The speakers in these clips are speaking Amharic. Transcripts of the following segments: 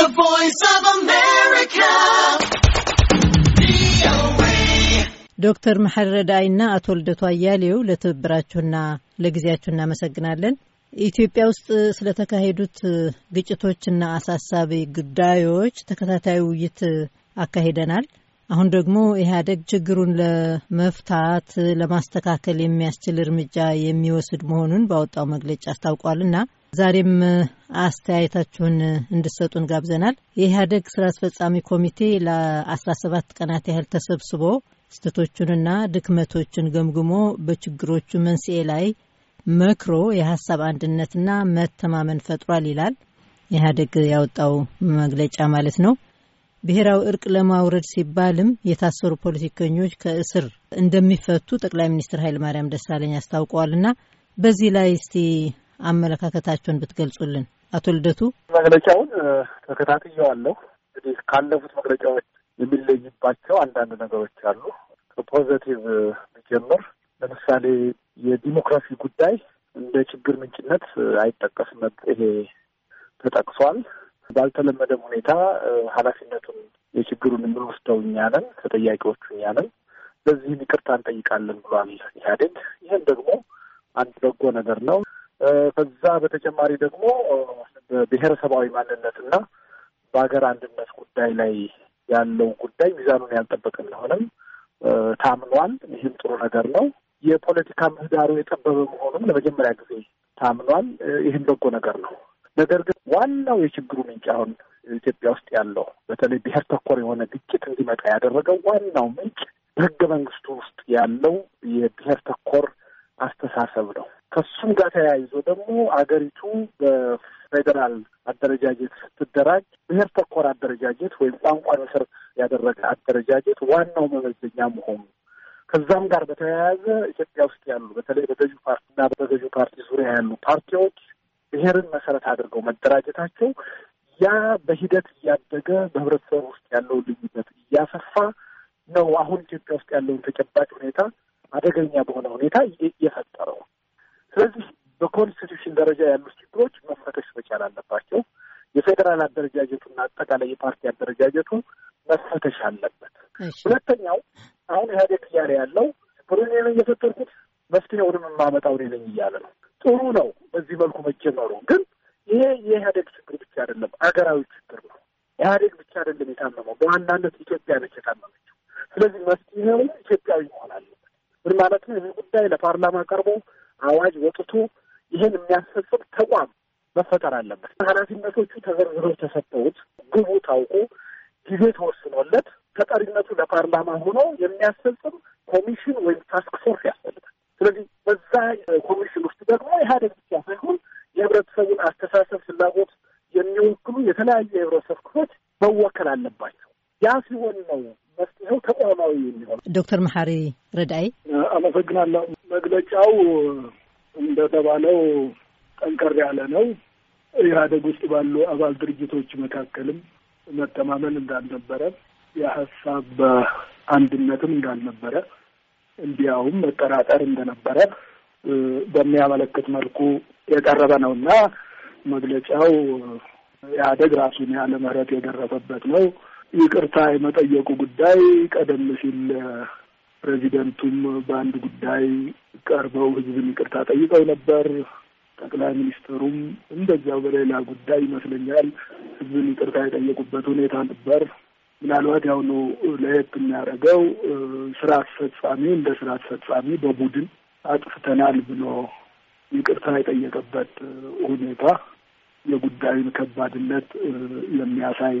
The Voice of America. ዶክተር መሐረዳይና አቶ ልደቱ አያሌው ለትብብራችሁና ለጊዜያችሁ እናመሰግናለን። ኢትዮጵያ ውስጥ ስለተካሄዱት ግጭቶችና አሳሳቢ ጉዳዮች ተከታታይ ውይይት አካሂደናል። አሁን ደግሞ ኢህአዴግ ችግሩን ለመፍታት ለማስተካከል የሚያስችል እርምጃ የሚወስድ መሆኑን ባወጣው መግለጫ አስታውቋልና ዛሬም አስተያየታችሁን እንድሰጡን ጋብዘናል። የኢህአደግ ስራ አስፈጻሚ ኮሚቴ ለ17 ቀናት ያህል ተሰብስቦ ስህተቶቹንና ድክመቶችን ገምግሞ በችግሮቹ መንስኤ ላይ መክሮ የሀሳብ አንድነትና መተማመን ፈጥሯል ይላል ኢህአደግ ያወጣው መግለጫ ማለት ነው። ብሔራዊ እርቅ ለማውረድ ሲባልም የታሰሩ ፖለቲከኞች ከእስር እንደሚፈቱ ጠቅላይ ሚኒስትር ኃይለማርያም ደሳለኝ አስታውቀዋልና በዚህ ላይ እስቲ አመለካከታቸውን ብትገልጹልን። አቶ ልደቱ መግለጫውን ተከታትየዋለሁ። እንግዲህ ካለፉት መግለጫዎች የሚለይባቸው አንዳንድ ነገሮች አሉ። ከፖዘቲቭ ቢጀምር ለምሳሌ የዲሞክራሲ ጉዳይ እንደ ችግር ምንጭነት አይጠቀስም። ይሄ ተጠቅሷል። ባልተለመደም ሁኔታ ኃላፊነቱን የችግሩን የምንወስደው እኛ ነን፣ ተጠያቂዎቹ እኛ ነን፣ ለዚህም ይቅርታ እንጠይቃለን ብሏል ኢህአዴግ። ይህም ደግሞ አንድ በጎ ነገር ነው። ከዛ በተጨማሪ ደግሞ በብሔረሰባዊ ማንነትና በሀገር አንድነት ጉዳይ ላይ ያለው ጉዳይ ሚዛኑን ያልጠበቀ እንደሆነም ታምኗል። ይህም ጥሩ ነገር ነው። የፖለቲካ ምህዳሩ የጠበበ መሆኑም ለመጀመሪያ ጊዜ ታምኗል። ይህም በጎ ነገር ነው። ነገር ግን ዋናው የችግሩ ምንጭ አሁን ኢትዮጵያ ውስጥ ያለው በተለይ ብሔር ተኮር የሆነ ግጭት እንዲመጣ ያደረገው ዋናው ምንጭ በህገ መንግስቱ ውስጥ ያለው የብሔር ተኮር አስተሳሰብ ነው። ከሱም ጋር ተያይዞ ደግሞ አገሪቱ በፌዴራል አደረጃጀት ስትደራጅ ብሔር ተኮር አደረጃጀት ወይም ቋንቋ መሰረት ያደረገ አደረጃጀት ዋናው መመዘኛ መሆኑ ከዛም ጋር በተያያዘ ኢትዮጵያ ውስጥ ያሉ በተለይ በገዢ ፓርቲና በገዢ ፓርቲ ዙሪያ ያሉ ፓርቲዎች ብሔርን መሰረት አድርገው መደራጀታቸው ያ በሂደት እያደገ በህብረተሰብ ውስጥ ያለውን ልዩነት እያሰፋ ነው። አሁን ኢትዮጵያ ውስጥ ያለውን ተጨባጭ ሁኔታ አደገኛ በሆነ ሁኔታ እየፈ በኮንስቲቱሽን ደረጃ ያሉ ችግሮች መፈተሽ መቻል አለባቸው። የፌዴራል አደረጃጀቱና አጠቃላይ የፓርቲ አደረጃጀቱ መፈተሽ አለበት። ሁለተኛው አሁን ኢህአዴግ እያለ ያለው ችግሩን እኔ ነኝ የፈጠርኩት መፍትሄውንም የማመጣው እኔ ነኝ እያለ ነው። ጥሩ ነው በዚህ መልኩ መጀመሩ። ግን ይሄ የኢህአዴግ ችግር ብቻ አይደለም፣ አገራዊ ችግር ነው። ኢህአዴግ ብቻ አይደለም የታመመው፣ በዋናነት ኢትዮጵያ ነች የታመመችው። ስለዚህ መፍትሄው ኢትዮጵያዊ መሆን አለበት። ምን ማለት ነው? ይህ ጉዳይ ለፓርላማ ቀርቦ አዋጅ ወጥቶ ይህን የሚያስፈጽም ተቋም መፈጠር አለበት። ኃላፊነቶቹ ተዘርዝረው ተሰጠውት ግቡ ታውቆ ጊዜ ተወስኖለት ተጠሪነቱ ለፓርላማ ሆኖ የሚያስፈጽም ኮሚሽን ወይም ታስክ ፎርስ ያስፈልጋል። ስለዚህ በዛ ኮሚሽን ውስጥ ደግሞ ኢህአዴግ ብቻ ሳይሆን የህብረተሰቡን አስተሳሰብ፣ ፍላጎት የሚወክሉ የተለያዩ የህብረተሰብ ክፍሎች መወከል አለባቸው። ያ ሲሆን ነው መፍትሄው ተቋማዊ የሚሆነው። ዶክተር መሐሪ ረዳይ አመሰግናለሁ። መግለጫው እንደተባለው ጠንከር ያለ ነው። ኢህአደግ ውስጥ ባሉ አባል ድርጅቶች መካከልም መተማመን እንዳልነበረ፣ የሀሳብ አንድነትም እንዳልነበረ፣ እንዲያውም መጠራጠር እንደነበረ በሚያመለክት መልኩ የቀረበ ነው እና መግለጫው ኢህአዴግ ራሱን ያለ ምህረት የደረሰበት ነው። ይቅርታ የመጠየቁ ጉዳይ ቀደም ሲል ፕሬዚደንቱም በአንድ ጉዳይ ቀርበው ህዝብን ይቅርታ ጠይቀው ነበር። ጠቅላይ ሚኒስትሩም እንደዚያው በሌላ ጉዳይ ይመስለኛል ህዝብን ይቅርታ የጠየቁበት ሁኔታ ነበር። ምናልባት ያሁኑ ለየት የሚያደርገው ስራ አስፈጻሚ እንደ ስራ አስፈጻሚ በቡድን አጥፍተናል ብሎ ይቅርታ የጠየቀበት ሁኔታ የጉዳዩን ከባድነት የሚያሳይ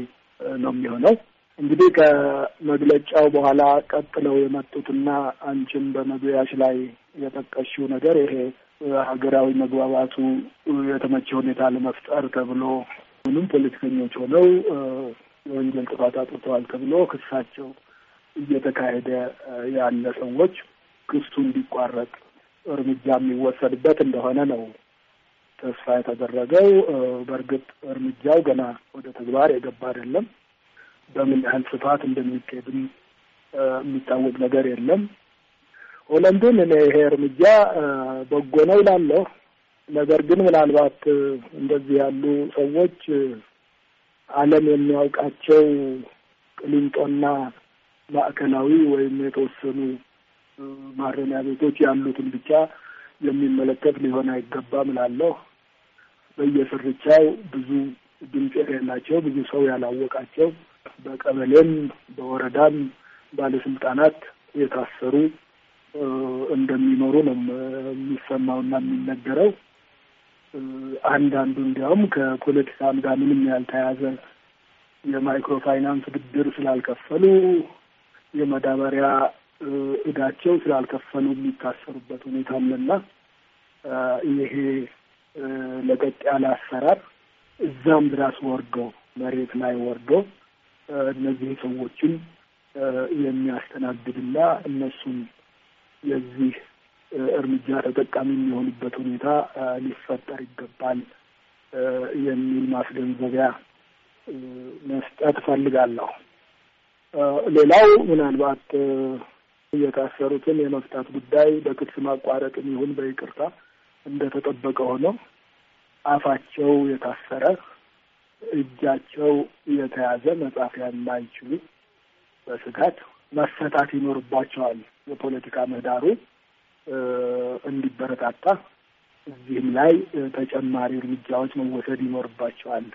ነው የሚሆነው። እንግዲህ ከመግለጫው በኋላ ቀጥለው የመጡትና አንቺም በመግቢያሽ ላይ የጠቀሽው ነገር ይሄ ሀገራዊ መግባባቱ የተመቸ ሁኔታ ለመፍጠር ተብሎ ምንም ፖለቲከኞች ሆነው የወንጀል ጥፋት አጥተዋል ተብሎ ክሳቸው እየተካሄደ ያለ ሰዎች ክሱ እንዲቋረጥ እርምጃ የሚወሰድበት እንደሆነ ነው ተስፋ የተደረገው። በእርግጥ እርምጃው ገና ወደ ተግባር የገባ አይደለም። በምን ያህል ስፋት እንደሚካሄድም የሚታወቅ ነገር የለም። ሆለንድን እኔ ይሄ እርምጃ በጎ ነው እላለሁ። ነገር ግን ምናልባት እንደዚህ ያሉ ሰዎች ዓለም የሚያውቃቸው ቅሊንጦና ማዕከላዊ ወይም የተወሰኑ ማረሚያ ቤቶች ያሉትን ብቻ የሚመለከት ሊሆን አይገባም እላለሁ። በየስርቻው ብዙ ድምፅ የሌላቸው ብዙ ሰው ያላወቃቸው በቀበሌም በወረዳም ባለስልጣናት የታሰሩ እንደሚኖሩ ነው የሚሰማውና የሚነገረው። አንዳንዱ እንዲያውም ከፖለቲካም ጋር ምንም ያልተያዘ የማይክሮ ፋይናንስ ብድር ስላልከፈሉ የመዳበሪያ እዳቸው ስላልከፈሉ የሚታሰሩበት ሁኔታ አለና ይሄ ለቀጥ ያለ አሰራር እዛም ድረስ ወርዶ መሬት ላይ ወርዶ እነዚህ ሰዎችን የሚያስተናግድና እነሱን የዚህ እርምጃ ተጠቃሚ የሚሆኑበት ሁኔታ ሊፈጠር ይገባል የሚል ማስገንዘቢያ መስጠት እፈልጋለሁ። ሌላው ምናልባት የታሰሩትን የመፍታት ጉዳይ በክስ ማቋረጥም ይሁን በይቅርታ እንደተጠበቀ ሆኖ አፋቸው የታሰረ እጃቸው የተያዘ መጻፊያ የማይችሉ በስጋት መፈታት ይኖርባቸዋል። የፖለቲካ ምህዳሩ እንዲበረታታ እዚህም ላይ ተጨማሪ እርምጃዎች መወሰድ ይኖርባቸዋል።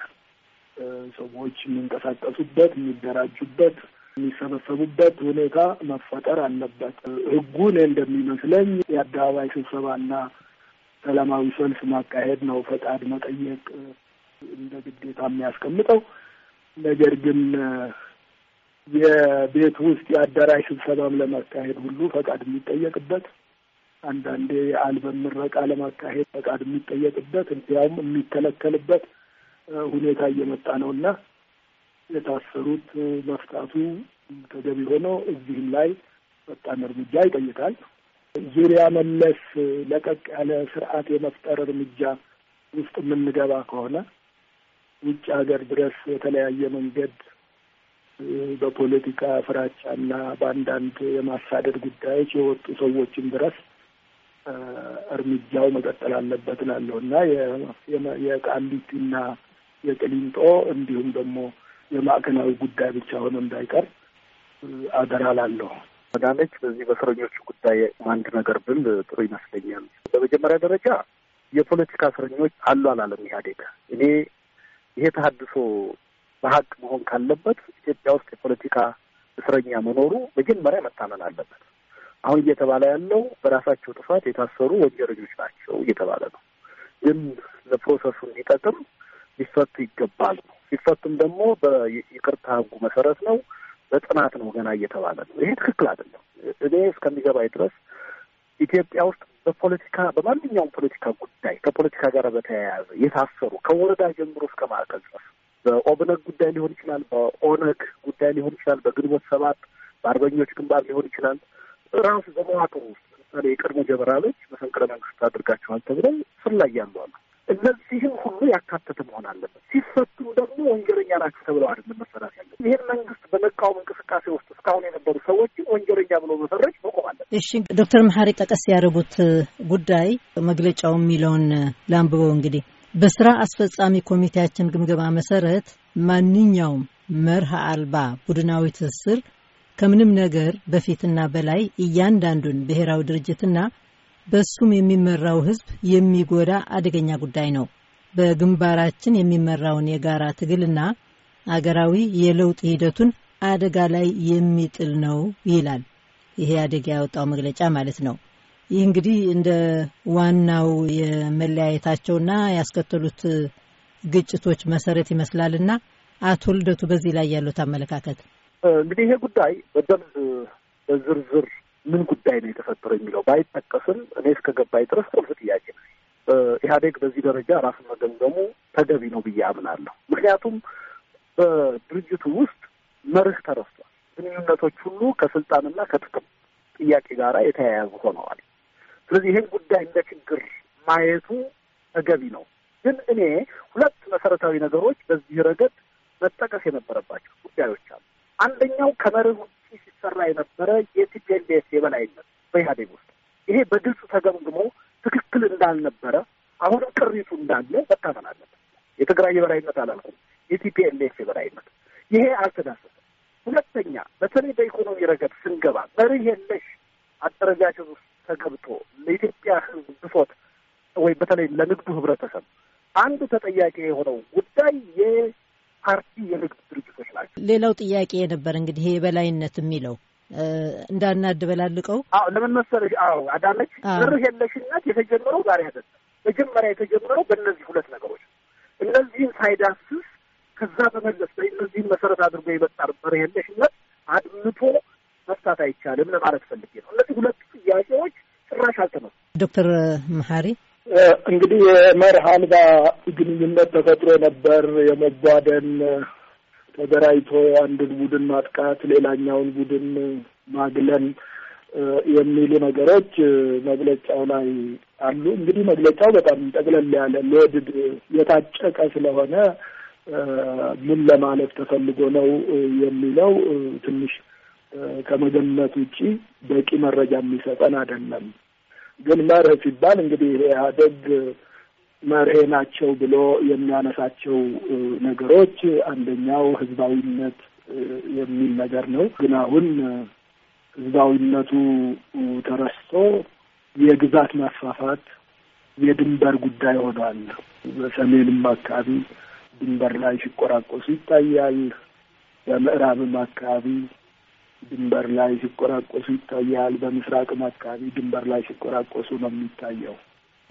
ሰዎች የሚንቀሳቀሱበት፣ የሚደራጁበት፣ የሚሰበሰቡበት ሁኔታ መፈጠር አለበት። ሕጉን እንደሚመስለኝ የአደባባይ ስብሰባና ሰላማዊ ሰልፍ ማካሄድ ነው ፈቃድ መጠየቅ እንደ ግዴታ የሚያስቀምጠው። ነገር ግን የቤት ውስጥ የአዳራሽ ስብሰባም ለማካሄድ ሁሉ ፈቃድ የሚጠየቅበት አንዳንዴ የአልበም ምረቃ ለማካሄድ ፈቃድ የሚጠየቅበት እንዲያውም የሚከለከልበት ሁኔታ እየመጣ ነው እና የታሰሩት መፍታቱ ተገቢ ሆኖ እዚህም ላይ ፈጣን እርምጃ ይጠይቃል። ዙሪያ መለስ ለቀቅ ያለ ስርዓት የመፍጠር እርምጃ ውስጥ የምንገባ ከሆነ ውጭ ሀገር ድረስ የተለያየ መንገድ በፖለቲካ ፍራቻ ፍራቻና በአንዳንድ የማሳደድ ጉዳዮች የወጡ ሰዎችን ድረስ እርምጃው መቀጠል አለበት እላለሁ እና የቃሊቲና የቅሊንጦ እንዲሁም ደግሞ የማዕከላዊ ጉዳይ ብቻ ሆኖ እንዳይቀር አደራ እላለሁ። መዳነች በዚህ በእስረኞቹ ጉዳይ አንድ ነገር ብል ጥሩ ይመስለኛል። በመጀመሪያ ደረጃ የፖለቲካ እስረኞች አሉ አላለም ኢህአዴግ። እኔ ይሄ ተሀድሶ በሀቅ መሆን ካለበት ኢትዮጵያ ውስጥ የፖለቲካ እስረኛ መኖሩ መጀመሪያ መታመን አለበት። አሁን እየተባለ ያለው በራሳቸው ጥፋት የታሰሩ ወንጀለኞች ናቸው እየተባለ ነው። ግን ለፕሮሰሱ እንዲጠቅም ሊፈቱ ይገባል ሲፈቱም ደግሞ በይቅርታ ህጉ መሰረት ነው፣ በጥናት ነው ገና እየተባለ ነው። ይሄ ትክክል አይደለም። እኔ እስከሚገባኝ ድረስ ኢትዮጵያ ውስጥ በፖለቲካ በማንኛውም ፖለቲካ ጉዳይ ከፖለቲካ ጋር በተያያዘ የታሰሩ ከወረዳ ጀምሮ እስከ ማዕከል ድረስ በኦብነግ ጉዳይ ሊሆን ይችላል፣ በኦነግ ጉዳይ ሊሆን ይችላል፣ በግንቦት ሰባት በአርበኞች ግንባር ሊሆን ይችላል። ራሱ በመዋቅሩ ውስጥ ለምሳሌ የቀድሞ ጀነራሎች መፈንቅለ መንግስት አድርጋቸዋል ተብለው ስር ላይ ያሉ አሉ። እነዚህም ሁሉ ያካተተ መሆን አለበት። ሲፈቱም ደግሞ ወንጀለኛ ናቸው ተብለው አይደለም መሰራት ያለ ይህን መንግስት በመቃወም እንቅስቃሴ ውስጥ እስካሁን የነበሩ ሰዎች ወንጀለኛ ብሎ መፈረጅ እሺ ዶክተር መሐሪ ጠቀስ ያደረጉት ጉዳይ መግለጫው የሚለውን ለአንብበው እንግዲህ በስራ አስፈጻሚ ኮሚቴያችን ግምገማ መሰረት ማንኛውም መርህ አልባ ቡድናዊ ትስስር ከምንም ነገር በፊትና በላይ እያንዳንዱን ብሔራዊ ድርጅትና በሱም የሚመራው ህዝብ የሚጎዳ አደገኛ ጉዳይ ነው። በግንባራችን የሚመራውን የጋራ ትግልና አገራዊ የለውጥ ሂደቱን አደጋ ላይ የሚጥል ነው ይላል። ይሄ አደጋ ያወጣው መግለጫ ማለት ነው። ይህ እንግዲህ እንደ ዋናው የመለያየታቸውና ያስከተሉት ግጭቶች መሰረት ይመስላልና አቶ ልደቱ በዚህ ላይ ያሉት አመለካከት እንግዲህ ይሄ ጉዳይ በደንብ በዝርዝር ምን ጉዳይ ነው የተፈጠረው የሚለው ባይጠቀስም እኔ እስከገባኝ ድረስ ቁልፍ ጥያቄ ነው። ኢህአዴግ በዚህ ደረጃ ራሱን መገምገሙ ተገቢ ነው ብዬ አምናለሁ። ምክንያቱም በድርጅቱ ውስጥ መርህ ተረስቷል። ግንኙነቶች ሁሉ ከስልጣንና ከጥቅም ጥያቄ ጋር የተያያዙ ሆነዋል። ስለዚህ ይህን ጉዳይ እንደ ችግር ማየቱ ተገቢ ነው። ግን እኔ ሁለት መሰረታዊ ነገሮች በዚህ ረገድ መጠቀስ የነበረባቸው ጉዳዮች አሉ። አንደኛው ከመርህ ውጭ ሲሰራ የነበረ የቲፒኤልኤፍ የበላይነት በኢህአዴግ ውስጥ ይሄ በግልጽ ተገምግሞ ትክክል እንዳልነበረ አሁንም ቅሪቱ እንዳለ መታመን አለበት። የትግራይ የበላይነት አላልኩም፣ የቲፒኤልኤፍ የበላይነት ይሄ አልተዳሰሰም። ሁለተኛ በተለይ በኢኮኖሚ ረገድ ስንገባ መርህ የለሽ አደረጃጀት ውስጥ ተገብቶ ለኢትዮጵያ ሕዝብ ብሶት ወይ በተለይ ለንግዱ ህብረተሰብ አንዱ ተጠያቂ የሆነው ጉዳይ የፓርቲ የንግድ ድርጅቶች ናቸው። ሌላው ጥያቄ የነበር እንግዲህ የበላይነት የሚለው እንዳናድ በላልቀው አዎ፣ ለምን መሰለሽ? አዎ አዳለች መርህ የለሽነት የተጀመረው ዛሬ አይደለም። መጀመሪያ የተጀመረው በእነዚህ ሁለት ነገሮች እነዚህን ሳይዳስስ ከዛ በመለስ ላይ እዚህም መሰረት አድርጎ የመጣ ነበር የለሽነት አድምቶ መፍታት አይቻልም ለማለት ፈልጌ ነው። እነዚህ ሁለት ጥያቄዎች ጭራሽ አልተመሱ። ዶክተር መሀሪ እንግዲህ የመርህ አልባ ግንኙነት ተፈጥሮ ነበር። የመቧደን ተደራጅቶ አንድን ቡድን ማጥቃት፣ ሌላኛውን ቡድን ማግለን የሚሉ ነገሮች መግለጫው ላይ አሉ። እንግዲህ መግለጫው በጣም ጠቅለል ያለ ሎድድ የታጨቀ ስለሆነ ምን ለማለት ተፈልጎ ነው የሚለው ትንሽ ከመገመት ውጪ በቂ መረጃ የሚሰጠን አይደለም። ግን መርህ ሲባል እንግዲህ ይሄ ኢህአዴግ መርሄ ናቸው ብሎ የሚያነሳቸው ነገሮች አንደኛው ህዝባዊነት የሚል ነገር ነው። ግን አሁን ህዝባዊነቱ ተረስቶ የግዛት ማስፋፋት የድንበር ጉዳይ ሆኗል። በሰሜንም አካባቢ ድንበር ላይ ሲቆራቆሱ ይታያል። በምዕራብም አካባቢ ድንበር ላይ ሲቆራቆሱ ይታያል። በምስራቅም አካባቢ ድንበር ላይ ሲቆራቆሱ ነው የሚታየው።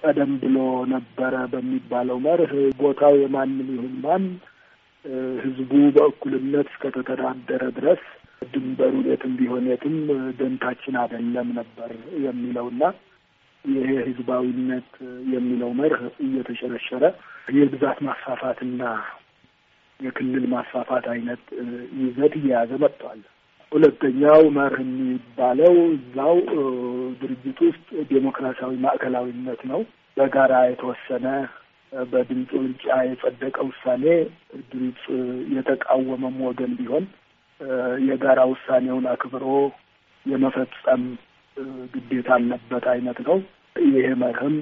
ቀደም ብሎ ነበረ በሚባለው መርህ ቦታው የማንም ይሁን ማን ህዝቡ በእኩልነት እስከተተዳደረ ድረስ ድንበሩ የትም ቢሆን የትም ደንታችን አይደለም ነበር የሚለውና ይሄ ህዝባዊነት የሚለው መርህ እየተሸረሸረ የግዛት ማስፋፋትና የክልል ማስፋፋት አይነት ይዘት እየያዘ መጥቷል። ሁለተኛው መርህ የሚባለው እዛው ድርጅት ውስጥ ዴሞክራሲያዊ ማዕከላዊነት ነው። በጋራ የተወሰነ በድምፅ ብልጫ የጸደቀ ውሳኔ ድምፅ የተቃወመም ወገን ቢሆን የጋራ ውሳኔውን አክብሮ የመፈጸም ግዴታ አለበት አይነት ነው። ይሄ መርህም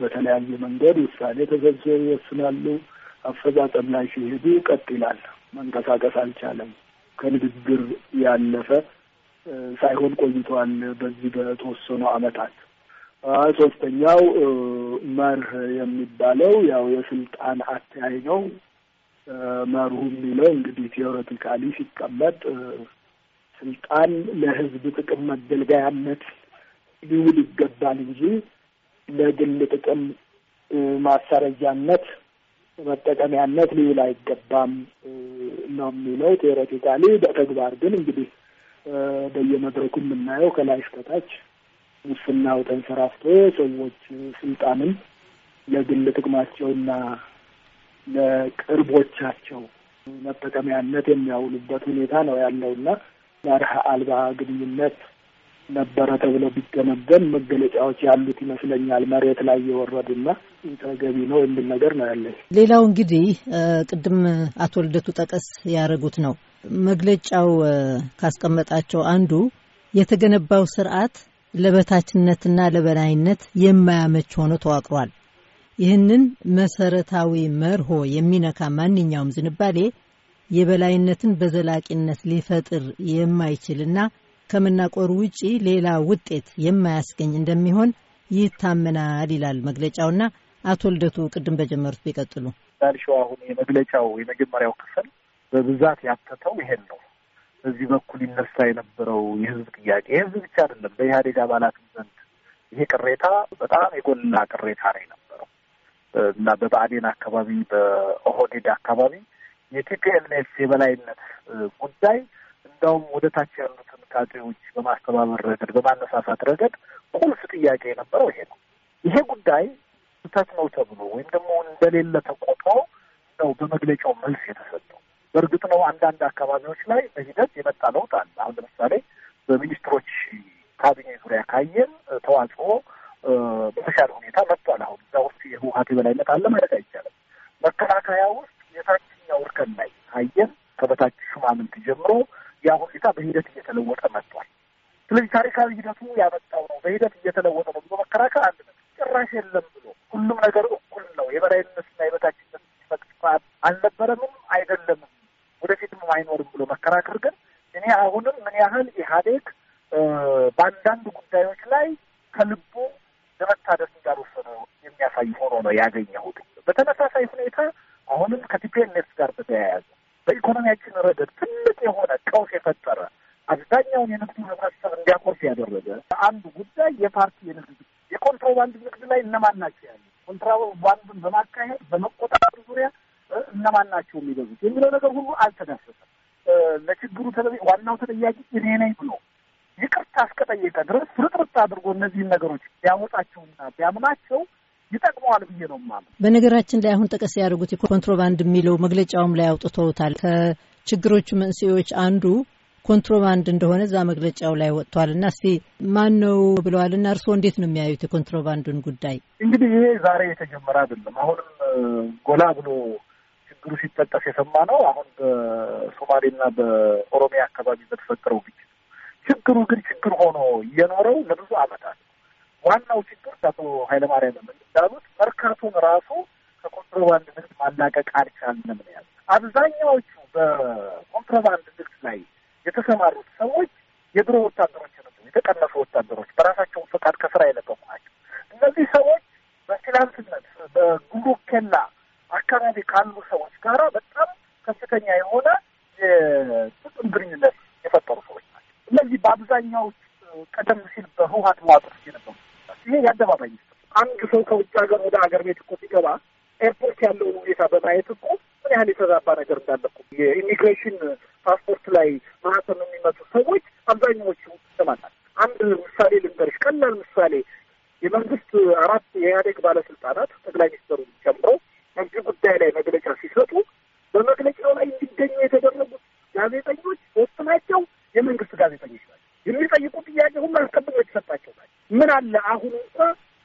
በተለያየ መንገድ ውሳኔ ተሰብስበው ይወስናሉ። አፈጻጸም ላይ ሲሄዱ ቀጥ ይላል፣ መንቀሳቀስ አልቻለም፣ ከንግግር ያለፈ ሳይሆን ቆይቷል። በዚህ በተወሰኑ አመታት ሶስተኛው መርህ የሚባለው ያው የስልጣን አተያይ ነው። መርሁ የሚለው እንግዲህ ቴዎሬቲካሊ ሲቀመጥ ስልጣን ለህዝብ ጥቅም መገልገያነት ሊውል ይገባል እንጂ ለግል ጥቅም ማሰረጃነት መጠቀሚያነት ሊውል አይገባም ነው የሚለው ቴዎሬቲካሊ። በተግባር ግን እንግዲህ በየመድረኩ የምናየው ከላይ እስከታች ሙስናው ተንሰራፍቶ ሰዎች ስልጣንን ለግል ጥቅማቸውና ለቅርቦቻቸው መጠቀሚያነት የሚያውሉበት ሁኔታ ነው ያለውና መርህ አልባ ግንኙነት ነበረ ተብሎ ቢገመገም መገለጫዎች ያሉት ይመስለኛል። መሬት ላይ የወረዱና ተገቢ ነው የሚል ነገር ነው ያለኝ። ሌላው እንግዲህ ቅድም አቶ ልደቱ ጠቀስ ያደረጉት ነው መግለጫው ካስቀመጣቸው አንዱ የተገነባው ስርዓት ለበታችነትና ለበላይነት የማያመች ሆኖ ተዋቅሯል። ይህንን መሰረታዊ መርሆ የሚነካ ማንኛውም ዝንባሌ የበላይነትን በዘላቂነት ሊፈጥር የማይችልና ከምናቆር ውጪ ሌላ ውጤት የማያስገኝ እንደሚሆን ይታመናል ይላል መግለጫውና አቶ ልደቱ ቅድም በጀመሩት ቢቀጥሉ እንዳልሽው አሁን የመግለጫው የመጀመሪያው ክፍል በብዛት ያተተው ይሄን ነው። በዚህ በኩል ይነሳ የነበረው የህዝብ ጥያቄ የህዝብ ብቻ አይደለም፣ በኢህአዴግ አባላትም ዘንድ ይሄ ቅሬታ በጣም የጎላ ቅሬታ ነው የነበረው እና በብአዴን አካባቢ፣ በኦህዴድ አካባቢ የቲፒኤልኤፍ የበላይነት ጉዳይ እንደውም ወደ ታች ያሉትን ካድሬዎች በማስተባበር ረገድ በማነሳሳት ረገድ ቁልፍ ጥያቄ የነበረው ይሄ ነው። ይሄ ጉዳይ ስህተት ነው ተብሎ ወይም ደግሞ እንደሌለ ተቆጦ ነው በመግለጫው መልስ የተሰጠው። በእርግጥ ነው አንዳንድ አካባቢዎች ላይ በሂደት የመጣ ለውጥ አለ። አሁን ለምሳሌ በሚኒስትሮች ካቢኔ ዙሪያ ካየን ተዋጽኦ በተሻለ ሁኔታ መጥቷል። አሁን እዛ ውስጥ የህወሀት የበላይነት አለ ማለት አይቻልም። መከላከያ ውስጥ የታች ሶስተኛው እርከን ላይ ካየን ከበታች ሹማምንት ጀምሮ ያ ሁኔታ በሂደት እየተለወጠ መጥቷል። ስለዚህ ታሪካዊ ሂደቱ ያመጣው ነው። በሂደት እየተለወጠ ነው ብሎ መከራከር አንድ ነገር ጭራሽ የለም ብሎ ሁሉም ነገር እኩል ነው የበላይነትና የበታችነት መቅፋት አልነበረምም፣ አይደለምም፣ ወደፊትም አይኖርም ብሎ መከራከር ግን እኔ አሁንም ምን ያህል ኢህአዴግ በአንዳንድ ጉዳዮች ላይ ከልቡ ለመታደስ እንዳልወሰነ የሚያሳይ ሆኖ ነው ያገኘሁት። ናቸው የሚበዙት የሚለው ነገር ሁሉ አልተዳሰሰም። ለችግሩ ዋናው ተጠያቂ እኔ ነኝ ብሎ ይቅርታ እስከጠየቀ ድረስ ፍርጥርጥ አድርጎ እነዚህን ነገሮች ቢያወጣቸውና ቢያምናቸው ይጠቅመዋል ብዬ ነው ማለት። በነገራችን ላይ አሁን ጠቀስ ያደርጉት ኮንትሮባንድ የሚለው መግለጫውም ላይ አውጥተውታል። ከችግሮቹ መንስኤዎች አንዱ ኮንትሮባንድ እንደሆነ እዛ መግለጫው ላይ ወጥቷል እና እስቲ ማን ነው ብለዋል እና እርስዎ እንዴት ነው የሚያዩት የኮንትሮባንዱን ጉዳይ? እንግዲህ ይሄ ዛሬ የተጀመረ አይደለም። አሁንም ጎላ ብሎ ችግሩ ሲጠቀስ የሰማ ነው። አሁን በሶማሌና በኦሮሚያ አካባቢ በተፈጠረው ግጭት ችግሩ ግን ችግር ሆኖ የኖረው ለብዙ ዓመታት ዋናው ችግር አቶ ኃይለማርያም እንዳሉት መርካቶን ራሱ ከኮንትሮባንድ ንግድ ማላቀቅ አልቻልንም ነው ያለ። አብዛኛዎቹ በኮንትሮባንድ ንግድ ላይ የተሰማሩት ሰዎች የድሮ ወታደሮች ነ የተቀነሱ ወታደሮች በራሳቸው ፈቃድ ከስራ የለቀቁ ናቸው። እነዚህ ሰዎች በትላንትነት በጉምሩክ ኬላ አካባቢ ካሉ ሰዎች ጋር በጣም ከፍተኛ የሆነ የጥቅም ግንኙነት የፈጠሩ ሰዎች ናቸው። እነዚህ በአብዛኛው ቀደም ሲል በህውሀት መዋቅር የነበሩ ይሄ የአደባባይ ሚስጥር። አንድ ሰው ከውጭ ሀገር ወደ ሀገር ቤት እኮ ሲገባ ኤርፖርት ያለውን ሁኔታ በማየት እኮ ምን ያህል የተዛባ ነገር እንዳለ እኮ የኢሚግሬሽን ፓስፖርት ላይ ማህተም የሚመጡ ሰዎች አብዛኛዎቹ ይሰማናል። አንድ ምሳሌ ልንገርሽ፣ ቀላል ምሳሌ የመንግስት አራት የኢህአዴግ ባለስልጣናት ጠቅላይ ሚኒስትሩን ጨምሮ ህግ ጉዳይ ላይ መግለጫ ሲሰጡ በመግለጫው ላይ እንዲገኙ የተደረጉት ጋዜጠኞች ሶስት ናቸው። የመንግስት ጋዜጠኞች ናቸው። የሚጠይቁ ጥያቄ ሁሉ አስቀድሞ የተሰጣቸው ናቸው። ምን አለ አሁን እንኳ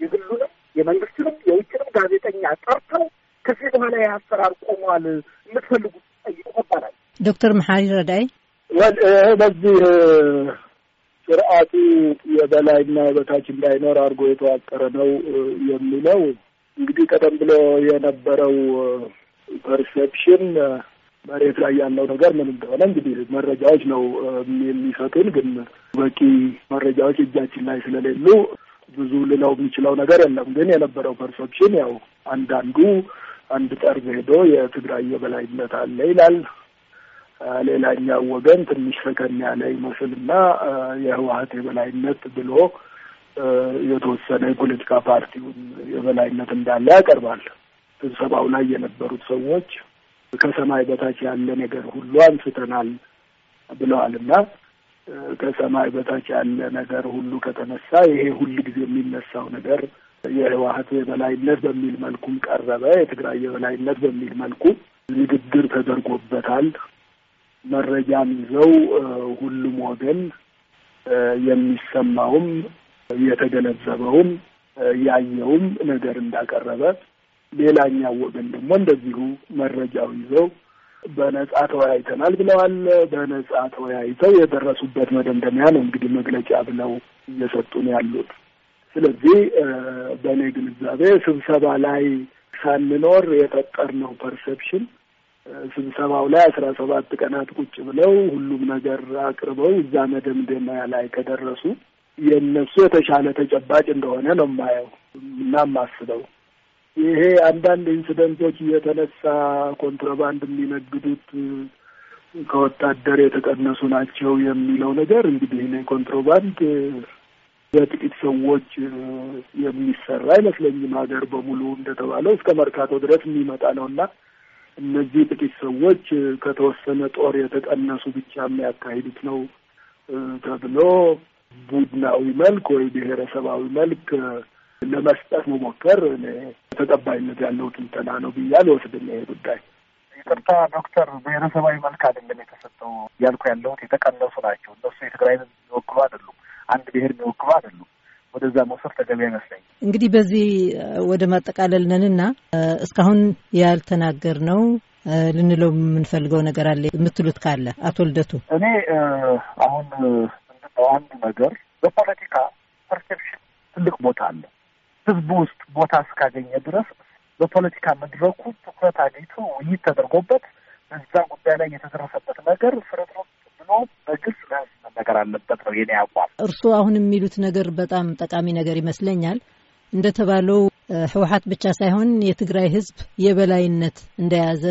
የግሉንም የመንግስትንም የውጭንም ጋዜጠኛ ጠርተው ከዚህ በኋላ የአሰራር ቆሟል፣ የምትፈልጉት ጠይቁ ይባላል። ዶክተር መሐሪ ረዳይ በዚህ ስርዓቱ የበላይና የበታች እንዳይኖር አድርጎ የተዋቀረ ነው የሚለው እንግዲህ ቀደም ብሎ የነበረው ፐርሴፕሽን መሬት ላይ ያለው ነገር ምን እንደሆነ እንግዲህ መረጃዎች ነው የሚሰጡን። ግን በቂ መረጃዎች እጃችን ላይ ስለሌሉ ብዙ ልለው የሚችለው ነገር የለም። ግን የነበረው ፐርሴፕሽን ያው አንዳንዱ አንድ ጠርዝ ሄዶ የትግራይ የበላይነት አለ ይላል። ሌላኛው ወገን ትንሽ ሰከን ያለ ይመስልና የህወሀት የበላይነት ብሎ የተወሰነ የፖለቲካ ፓርቲውን የበላይነት እንዳለ ያቀርባል። ስብሰባው ላይ የነበሩት ሰዎች ከሰማይ በታች ያለ ነገር ሁሉ አንስተናል ብለዋልና ከሰማይ በታች ያለ ነገር ሁሉ ከተነሳ ይሄ ሁል ጊዜ የሚነሳው ነገር የህወሀት የበላይነት በሚል መልኩም ቀረበ። የትግራይ የበላይነት በሚል መልኩ ንግግር ተደርጎበታል። መረጃም ይዘው ሁሉም ወገን የሚሰማውም የተገነዘበውም ያየውም ነገር እንዳቀረበ፣ ሌላኛው ወገን ደግሞ እንደዚሁ መረጃው ይዘው በነጻ ተወያይተናል ብለዋል። በነጻ ተወያይተው የደረሱበት መደምደሚያ ነው እንግዲህ መግለጫ ብለው እየሰጡን ያሉት። ስለዚህ በእኔ ግንዛቤ ስብሰባ ላይ ሳንኖር የፈጠርነው ፐርሰፕሽን ስብሰባው ላይ አስራ ሰባት ቀናት ቁጭ ብለው ሁሉም ነገር አቅርበው እዛ መደምደሚያ ላይ ከደረሱ የእነሱ የተሻለ ተጨባጭ እንደሆነ ነው የማየው እና የማስበው። ይሄ አንዳንድ ኢንስደንቶች እየተነሳ ኮንትሮባንድ የሚነግዱት ከወታደር የተቀነሱ ናቸው የሚለው ነገር እንግዲህ ኮንትሮባንድ በጥቂት ሰዎች የሚሰራ አይመስለኝም። ሀገር በሙሉ እንደተባለው እስከ መርካቶ ድረስ የሚመጣ ነው እና እነዚህ ጥቂት ሰዎች ከተወሰነ ጦር የተቀነሱ ብቻ የሚያካሂዱት ነው ተብሎ ቡድናዊ መልክ ወይ ብሔረሰባዊ መልክ ለመስጠት መሞከር ተቀባይነት ያለው ትንተና ነው ብዬ አልወስድም። ይሄ ጉዳይ ይቅርታ ዶክተር፣ ብሔረሰባዊ መልክ አይደለም የተሰጠው እያልኩ ያለሁት የተቀነሱ ናቸው። እነሱ የትግራይን የሚወክሉ አይደሉም፣ አንድ ብሔር የሚወክሉ አይደሉም። ወደዛ መውሰድ ተገቢ አይመስለኝም። እንግዲህ በዚህ ወደ ማጠቃለል ነንና እስካሁን ያልተናገር ነው ልንለው የምንፈልገው ነገር አለ የምትሉት ካለ አቶ ልደቱ። እኔ አሁን የምናውቀው አንዱ ነገር በፖለቲካ ፐርሴፕሽን ትልቅ ቦታ አለ። ህዝቡ ውስጥ ቦታ እስካገኘ ድረስ በፖለቲካ መድረኩ ትኩረት አግኝቶ ውይይት ተደርጎበት በዛ ጉዳይ ላይ የተደረሰበት ነገር ፍርጥርጥ ብሎ በግልጽ ለህዝብ መነገር አለበት ነው የኔ አቋም። እርስዎ አሁን የሚሉት ነገር በጣም ጠቃሚ ነገር ይመስለኛል። እንደተባለው ህወሀት ብቻ ሳይሆን የትግራይ ህዝብ የበላይነት እንደያዘ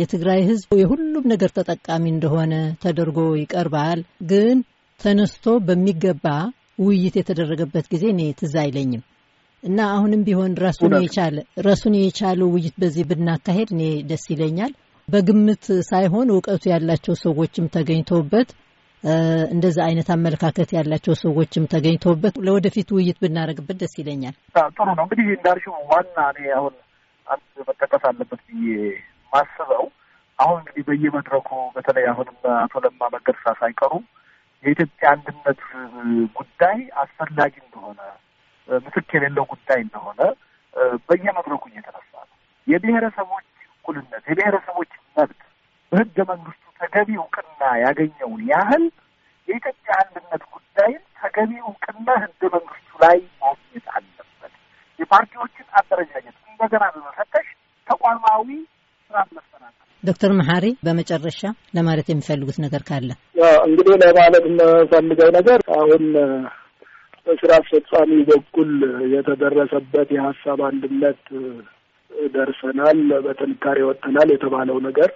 የትግራይ ህዝብ የሁሉም ነገር ተጠቃሚ እንደሆነ ተደርጎ ይቀርባል። ግን ተነስቶ በሚገባ ውይይት የተደረገበት ጊዜ እኔ ትዝ አይለኝም እና አሁንም ቢሆን ራሱን የቻለ ራሱን የቻለ ውይይት በዚህ ብናካሄድ እኔ ደስ ይለኛል። በግምት ሳይሆን እውቀቱ ያላቸው ሰዎችም ተገኝተውበት እንደዛ አይነት አመለካከት ያላቸው ሰዎችም ተገኝተውበት ለወደፊት ውይይት ብናደርግበት ደስ ይለኛል። ጥሩ ነው እንግዲህ እንዳልሽው ዋና እኔ አሁን አንድ መጠቀስ አለበት ብዬ ማስበው አሁን እንግዲህ በየመድረኩ በተለይ አሁንም አቶ ለማ መገርሳ ሳይቀሩ የኢትዮጵያ አንድነት ጉዳይ አስፈላጊ እንደሆነ ምትክ የሌለው ጉዳይ እንደሆነ በየመድረኩ እየተነሳ ነው። የብሔረሰቦች እኩልነት፣ የብሔረሰቦች መብት በህገ መንግስቱ ተገቢ እውቅና ያገኘውን ያህል የኢትዮጵያ አንድነት ጉዳይን ተገቢ እውቅና ህገ መንግስቱ ላይ ማግኘት አለበት። የፓርቲዎችን አደረጃጀት እንደገና በመፈተሽ ተቋማዊ ስራት መሰናት ዶክተር መሐሪ በመጨረሻ ለማለት የሚፈልጉት ነገር ካለ? እንግዲህ ለማለት የምፈልገው ነገር አሁን በስራ አስፈጻሚ በኩል የተደረሰበት የሀሳብ አንድነት ደርሰናል፣ በጥንካሬ ወጥተናል የተባለው ነገር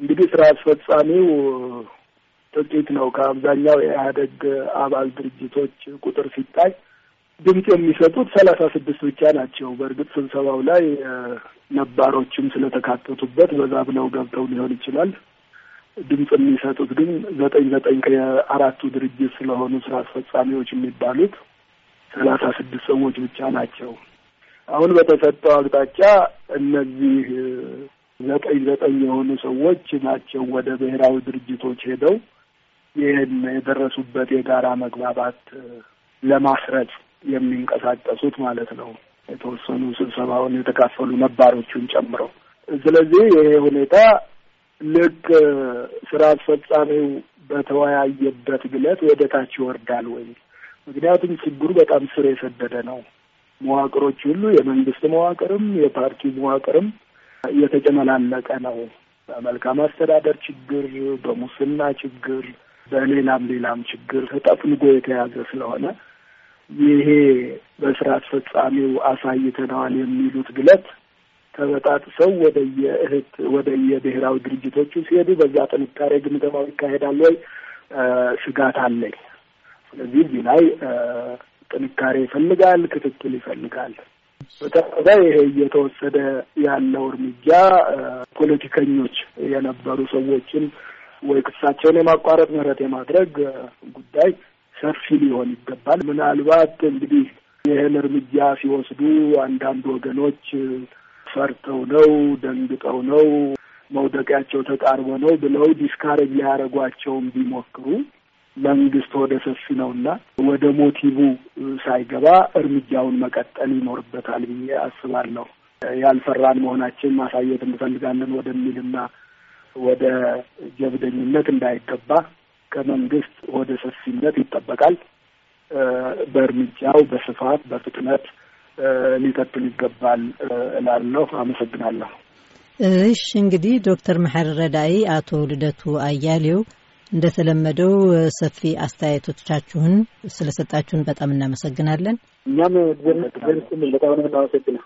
እንግዲህ ስራ አስፈጻሚው ጥቂት ነው። ከአብዛኛው የኢህአደግ አባል ድርጅቶች ቁጥር ሲታይ ድምፅ የሚሰጡት ሰላሳ ስድስት ብቻ ናቸው። በእርግጥ ስብሰባው ላይ ነባሮችም ስለተካተቱበት በዛ ብለው ገብተው ሊሆን ይችላል። ድምፅ የሚሰጡት ግን ዘጠኝ ዘጠኝ ከአራቱ ድርጅት ስለሆኑ ስራ አስፈጻሚዎች የሚባሉት ሰላሳ ስድስት ሰዎች ብቻ ናቸው። አሁን በተሰጠው አቅጣጫ እነዚህ ዘጠኝ ዘጠኝ የሆኑ ሰዎች ናቸው ወደ ብሔራዊ ድርጅቶች ሄደው ይህን የደረሱበት የጋራ መግባባት ለማስረጽ የሚንቀሳቀሱት ማለት ነው። የተወሰኑ ስብሰባውን የተካፈሉ ነባሮቹን ጨምረው። ስለዚህ ይሄ ሁኔታ ልክ ስራ አስፈጻሚው በተወያየበት ግለት ወደ ታች ይወርዳል ወይ? ምክንያቱም ችግሩ በጣም ስር የሰደደ ነው። መዋቅሮች ሁሉ የመንግስት መዋቅርም የፓርቲ መዋቅርም የተጨመላለቀ ነው። በመልካም አስተዳደር ችግር፣ በሙስና ችግር፣ በሌላም ሌላም ችግር ተጠፍንጎ የተያዘ ስለሆነ ይሄ በስራ አስፈጻሚው አሳይተነዋል የሚሉት ግለት ተበጣጥሰው ወደ የእህት ወደ የብሔራዊ ድርጅቶቹ ሲሄዱ በዛ ጥንካሬ ግምገማው ይካሄዳል ወይ ስጋት አለኝ። ስለዚህ እዚህ ላይ ጥንካሬ ይፈልጋል፣ ክትትል ይፈልጋል። በተለይ ይሄ እየተወሰደ ያለው እርምጃ ፖለቲከኞች የነበሩ ሰዎችን ወይ ክሳቸውን የማቋረጥ ምህረት የማድረግ ጉዳይ ሰፊ ሊሆን ይገባል። ምናልባት እንግዲህ ይህን እርምጃ ሲወስዱ አንዳንድ ወገኖች ፈርተው ነው፣ ደንግጠው ነው፣ መውደቂያቸው ተቃርቦ ነው ብለው ዲስካሬጅ ሊያደርጓቸውም ቢሞክሩ መንግስት ወደ ሰፊ ነውና ወደ ሞቲቡ ሳይገባ እርምጃውን መቀጠል ይኖርበታል ብዬ አስባለሁ። ያልፈራን መሆናችን ማሳየት እንፈልጋለን ወደሚልና ወደ ጀብደኝነት እንዳይገባ ከመንግስት ወደ ሰፊነት ይጠበቃል። በእርምጃው በስፋት በፍጥነት ሊቀጥል ይገባል እላለሁ። አመሰግናለሁ። እሽ እንግዲህ ዶክተር መሐር ረዳኢ፣ አቶ ልደቱ አያሌው እንደተለመደው ሰፊ አስተያየቶቻችሁን ስለሰጣችሁን በጣም እናመሰግናለን። እኛም በጣም ነው የምናመሰግነው።